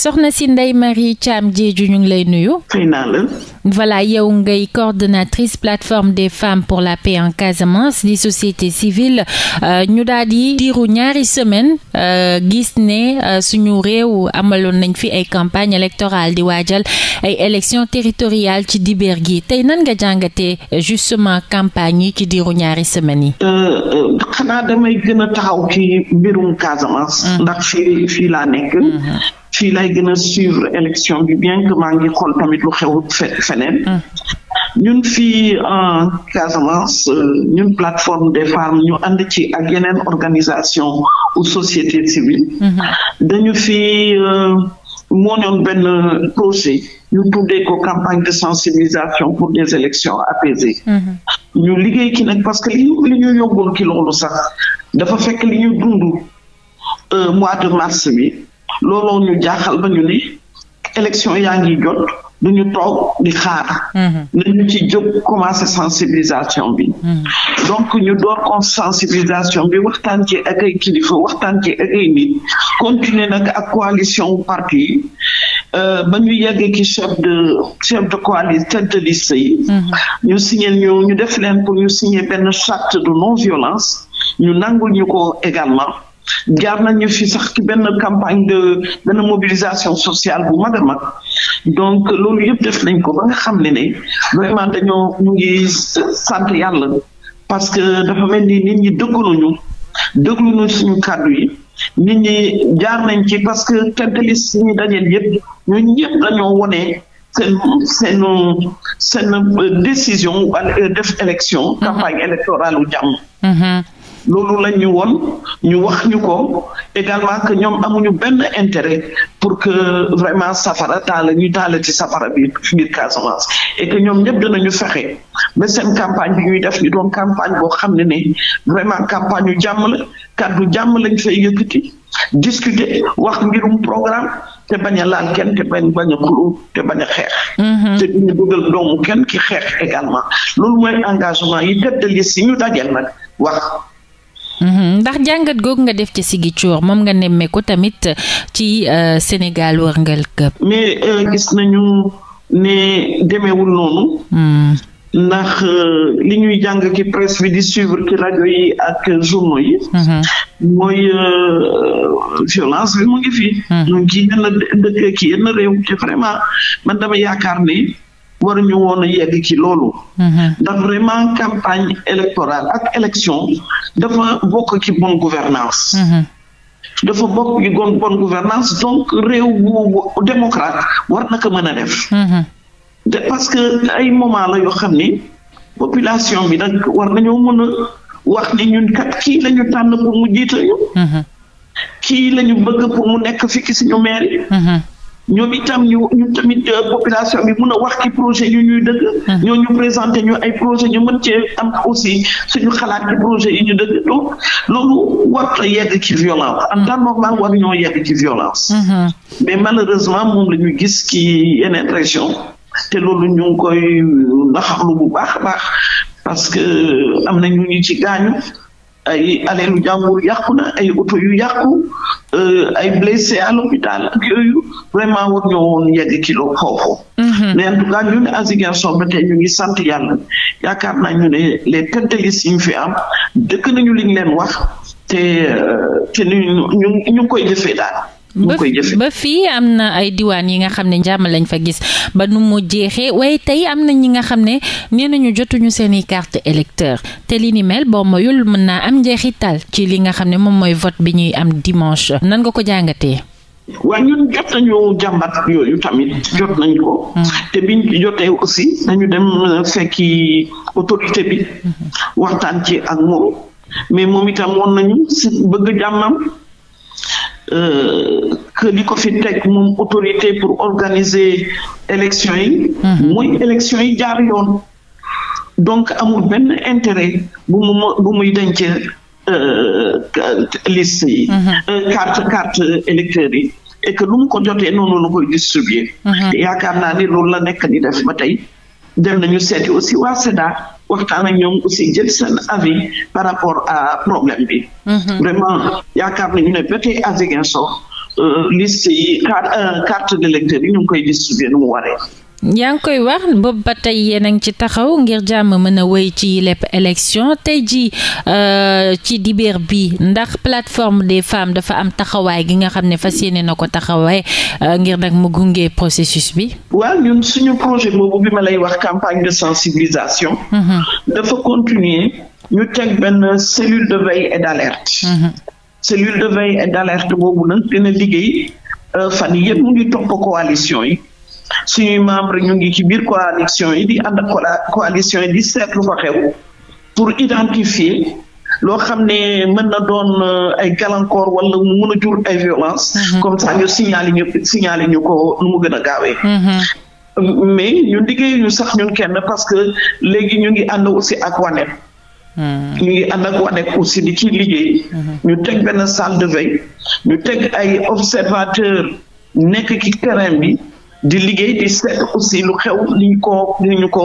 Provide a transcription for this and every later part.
soxna si Ndeye Marie Thiam jéeju ñu ngi lay nuyu. xëy naa la. voilà yow ngay coordonnatrice plateforme des femmes pour la paix en Casamance di société civile euh, ñu daal di diiru ñaari semaine euh, gis ne euh, suñu réew amaloon nañ fi ay campagne électorale di waajal ay élection teritoriale ci dibeer gi tey nan nga jàngatee justement campagne yi ci diiru ñaari semaines yi. xanaa damay gën a taxaw ci mbirum Casamance. Mm. ndax fii fii laa nekk. Mm-hmm. fii lay gën a suivre élection bi bien que maa ngi xool tamit lu xew feneen. Mm. ñun fii en euh, Casamance euh, ñun plateforme des femmes ñu ànd ci ak yeneen organisation ou société civile. Mm-hmm. dañu fi euh, moo ñoon benn projet ñu tuddee campagne de sensibilisation pour des élections apaisées. Mm-hmm. ñu liggéey ki nag parce que li ñu li ki loolu sax dafa fekk li ñu dund mois de mars bi. looloo ñu jaaxal ba ñu ne élection yaa ngi jot du ñu toog di xaar. Mhm. nañu ci jóg commencé sensibilisation bi. Mhm. donc ñu door ko sensibilisation bi waxtaan ci ak ay kilifa waxtaan ci ak ay continuer nag ak coalition parti yi euh, ba ñu yeggee ci chef de chef de coalition tête de liste yi. Mhm. ñu signé ñu ñu def leen pour ñu signer benn charte de non violence ñu nangul ñu ko également. jaar nañu fi sax ci benn campagne de benn mobilisation sociale bu mag a mag donc loolu yëpp def nañ ko ba nga xam ne ne vraiment dañoo ñu ngi sant yàlla parce que dafa mel ni nit ñi dëggaluñu dëggaluñu suñu kàddu yi nit ñi jaar nañ ci parce que tente liste ñi dajeel yëpp ñooñu ñëpp dañoo wone seen seen euh, décision wala euh, def élection mm-hmm. campagne électorale u jàmm mm-hmm. loolu lañ ñu woon ñu wax ñu ko également que ñoom amuñu benn intérêt pour que vraiment safara taal ñu taal ci safara bi biir Casamance et que ñoom ñëpp dinañu fexe ba seen campagne bi ñuy def ñu doon campagne boo xam ne ne vraiment campagne yu jàmm kàddu jàmm lañ fay yëkkati discuter wax mbirum programme te bañ a laal kenn te bañ bañ a a xeex. Mhm. doomu kenn ki xeex également loolu mooy engagement yi tëddal yi si ñu dajeel nag wax. Mhm. ndax jàngat googu nga def ci Ziguinchor moom nga nemmeeku tamit ci euh, Sénégal wërngal këpp mais euh, gis nañu ne demeewul noonu. Hmm. ndax euh, li ñuy jàng ki presse bi di suivre ki rajo yi ak journaux yi. Mhm. mooy violence bi mu ngi fi. donc hmm. ci yenn dëkk ki yenn réew te vraiment man dama yaakaar ne. waruñu woon a yegg ci loolu. Mhm. ndax vraiment campagne électorale ak élection dafa bokk ci bonne gouvernance mhm. dafa bokk ci bonne gouvernance donc réew bu démocrate war na ko mën a def. Mhm. parce que ay moment la yoo xam ni population bi nag war nañoo mën a wax ni ñun kat kii la ñu tànn pour mu jiite ñu. kii la ñu bëgg pour mu nekk fii ci suñu mairie. ñoom itam ñu ñu tamit euh, population bi mun a wax ci projet yu ñuy dëgg. ñoo ñu présenté ñu ay projet ñu mën cee am aussi ñu xalaat ci projet yi ñu dëgg donc loolu war a yegg ci violence en temps normal war ñoo yegg ci violence. mais malheureusement moom la ñu gis ci yeneen région te loolu ñu ngi koy naxarlu bu baax baax parce que am na ñu ñu ci gaañu ay aleelu jàmbur yàqu na ay oto yu yàqu Euh, ay blessé à l'hôpital ak yooyu vraiment war ñoo woon yegg kilo foofu mhm. mais en tout cas ñu ne à Ziguinchor ba tey ñu ngi sant yàlla yaakaar naa ñu ne les pentalistes yi ñu fi am dëkk nañu liñ leen wax te euh, te ñu ñu ngi koy jëfee daal ba fii am na ay diwaan yi nga xam ne njàmm lañ fa gis ba nu mu jeexee waaye tey am na ñi nga xam ne nee nañu jotuñu seen i carte électeur te li ni mel boo moyul mën naa am njeexital ci li nga xam ne moom mooy vote bi ñuy am dimanche nan nga ko jàngatee. waaw ñun yooyu tamit nañ ko. Mm. te biñ jotee aussi nañu dem euh, fekki autorité bi mm-hmm. waxtaan moom mais moom nañu bëgg jàmmam. Euh, que li ko fi teg moom autorité pour organiser élection yi. Mhm. mooy élection yi jaar yoon. donc amul benn intérêt bu mu bu muy denc euh, liste yi. Mhm. Euh, carte carte électeur yi. et que lu mu ko jotee noonu la koy distribuer. Mhm. yaakaar naa ni loolu la nekk di def ba tey. dem nañu seeti aussi waa SEDA waxtaan ak ñoom aussi jël seen avis par rapport a problème bi. Mhm. vraiment yaakaar nañu ne ba tey à Ziguinchor euh, liste yi carte euh, carte d'électeur yi ñu ngi koy distribuer nu mu waree. yaa ngi koy wax boobu ba tey yéen a ngi ci taxaw ngir jàmm mën a woy ci lepp élection tey ji euh, ci dibeer bi ndax plateforme des femmes dafa am taxawaay gi nga xam ne fas yéene na ko taxawaay euh, ngir nag mu gunge processus bi. waaw ñun suñu projet boobu bi ma lay wax campagne de sensibilisation. Mhm. dafa continuer ñu teg benn cellule de veille et d'alerte. Mhm. cellule de veille et d'alerte boobu nag dina liggéey euh, fan yëpp mu ngi topp coalition yi. suñuy membre ñu ngi ci biir coalition yi di ànd ak coalition yi di seetlu fa xew pour identifier loo xam ne mën na doon euh, ay gàllankoor wala mu mën a jur ay violence mm-hmm. comme ça ñu signaler ñu signaler ñu ko nu mu gën a gaawee mm-hmm. mais ñun liggéey sax ñu kenn parce que léegi ñu ngi ànd aussi ak wanet mm-hmm. ñu ngi ànd ak wanek aussi di ci liggéey ñu teg benn salle de veille ñu teg ay observateur nekk ci terrain bi di liggéey di seet aussi lu xew li ñu ko li ko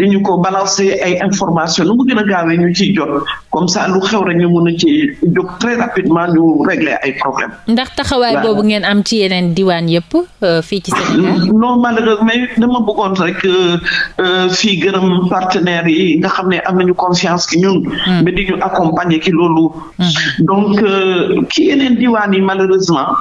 li ko balancer ay information lu mu gën a gaawee ñu ciy jot comme ça lu xew rek ñu mën a ci jóg très rapidement ñu régler ay problème ndax taxawaay boobu ngeen am ci yeneen diwaan yëpp euh, fii ci Sénégal mm, non malheureusement mais dama bëggoon rek euh, euh, fii gërëm partenaires yi nga xam ne am nañu confiance ki ñun mm. di ñu accompagner ki loolu mm. donc yi malheureusement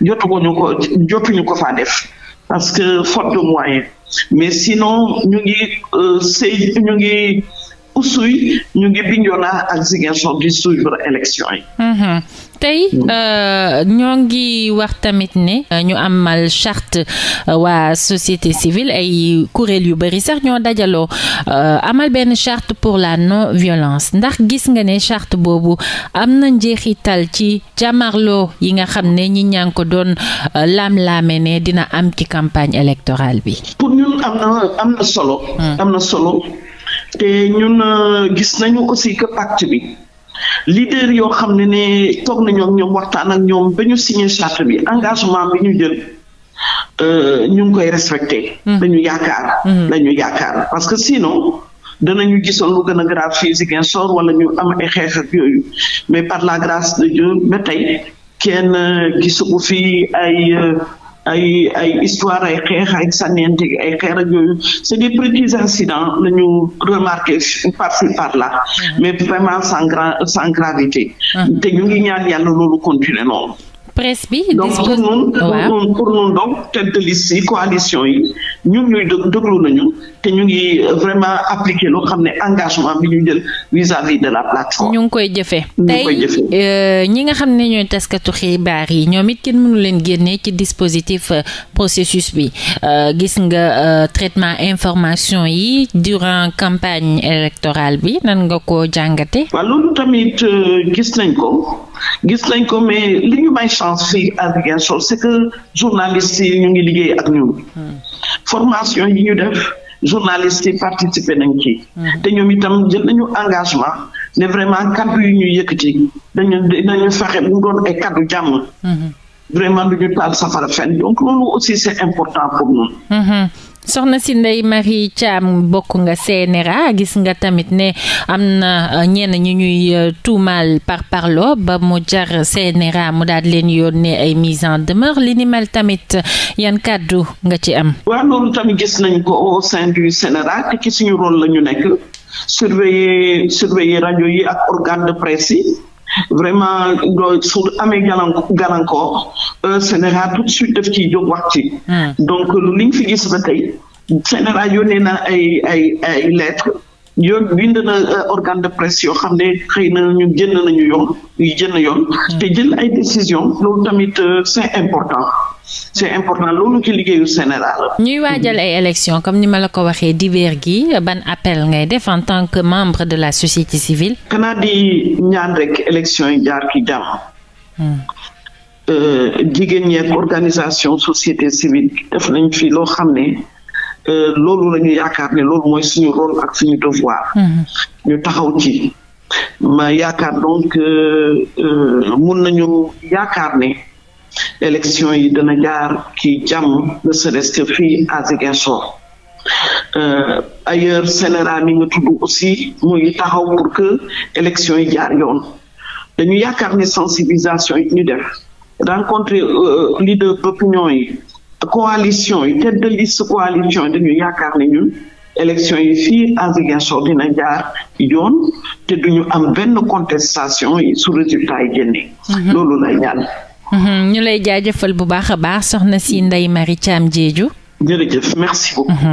jotuñu ko jotuñu ko faa def parce que faute de moyen mais sinon ñu ngi euh, sëy ñu ngi Oussouye ñu ngi ak Ziguinchor di suivre mhm. tey euh, ñoo ngi wax tamit ne euh, ñu amal charte euh, waa société civile ay kuréel yu bari sax ñoo dajaloo amal benn charte pour la non violence ndax gis nga ne charte boobu am na njeexital ci jàmmarloo yi nga xam ne ñi ñaa ngi ko doon laam-laame ne dina am ci campagne électorale bi. pour ñun am na solo. am na solo. Hmm. te ñun euh, gis nañu aussi que pacte bi leader yoo xam ne ne toog nañu ak ñoom waxtaan ak ñoom ba ñu signé charte bi engagement bi ñu jël. Euh, ñu ngi koy respecté. Hmm. dañu yaakaar. Hmm. dañu yaakaar parce que sinon danañu gisoon lu gën a grave fii Ziguinchor wala ñu am ay xeex ak yooyu mais par la grâce de Dieu ba tey kenn euh, gisu ko fii ay ay ay histoire ay xeex ay sànniyante ay xeer a yooyu c'est des petits incidents la ñu remarqué par-ci par-là mm-hmm. mais vraiment sans gravité mm-hmm. te ñu ñaan yàlla loolu continuer noonu presse bi. donc pour yi coalition yi ñun ñuy nañu te ñu ngi vraiment appliqué loo xam ne engagement bi ñu jël vis vis de la plateforme. ñu ngi koy jëfee. ñu tey euh, ñi nga xam ne ñooy taskatu xibaar yi ñoom it kenn mënu leen génnee ci dispositif euh, processus bi euh, gis nga traitement information yi durant campagne électorale bi nan nga ko jàngate. waaw loolu tamit gis nañ ko. gis nañ ko mais li ñu may chance fii à Ziguinchor c'est que journalistes yi ñu ngi liggéey ak ñu formation yi ñu def journalistes yi participer nañ ci. Hmm. te ñoom itam jël nañu engagement ne vraiment kaddu yu ñuy yëkkati dañu dinañu fexe bu doon ay kaddu jàmm. Hmm. vraiment du ñu taal safara fenn donc loolu aussi c'est important pour nous. Hmm. soxna si Ndeye Marie caam bokk nga CNRA gis nga tamit ne am na euh, ñenn ñu ñuy euh, tuumaal par parlo ba mu jar CNRA mu daal leen yónnee ay mise en demeure li ni tamit yan kàddu nga ci am. waaw loolu tamit gis nañ ko au sein du te ci suñu rôle la ñu nekk surveiller surveiller rajo yi ak organe de presse yi. vraiment su amee gàllankoor gàllankoor euh, Sénégal tout de suite daf ciy jóg wax ci. Hmm. donc euh, li ñu fi gis ba tey Sénégal yónnee na ay ay ay lettres. yoon bind na euh, organe de presse yoo xam ne xëy na ñu jënd nañu yoon yu jën yoon hmm. te jël ay décision loolu tamit c'est important c' important loolu ci liggéeyu Sénégal ñuy waajal ay élections comme ni ma la ko waxee dibeer gi ban appel ngay def en tant que membre de la société civile. xanaa di ñaan rek élections yi jaar ci jàmm. Hmm. Euh, jigéen ñeek organisation société civile def nañ fi loo xam ne euh, loolu la ñu yaakaar ne loolu mooy suñu rôle ak suñu devoir. Hmm. ñu taxaw ci. ma yaakaar donc euh, mun nañu yaakaar ne. élection yi dana jaar ki jàmm ne serait-ce que fii à Ziguinchor euh, ailleurs scélérat mi nga tudd aussi muy taxaw pour que élection yi jaar yoon dañu yaakaar ni sensibilisation yi ñu def rencontre euh, de d'opinion yi coalition yi tête de liste coalition yi dañu yaakaar ne ñun élection yi fii à Ziguinchor dina jaar yoon te duñu am benn contestation yi su résultat yi génne mhm. loolu la ñaan Mhm, ñu lay jaajëfal bu baax a baax soxna si Ndeye Marie Thiam jéeju jërëjëf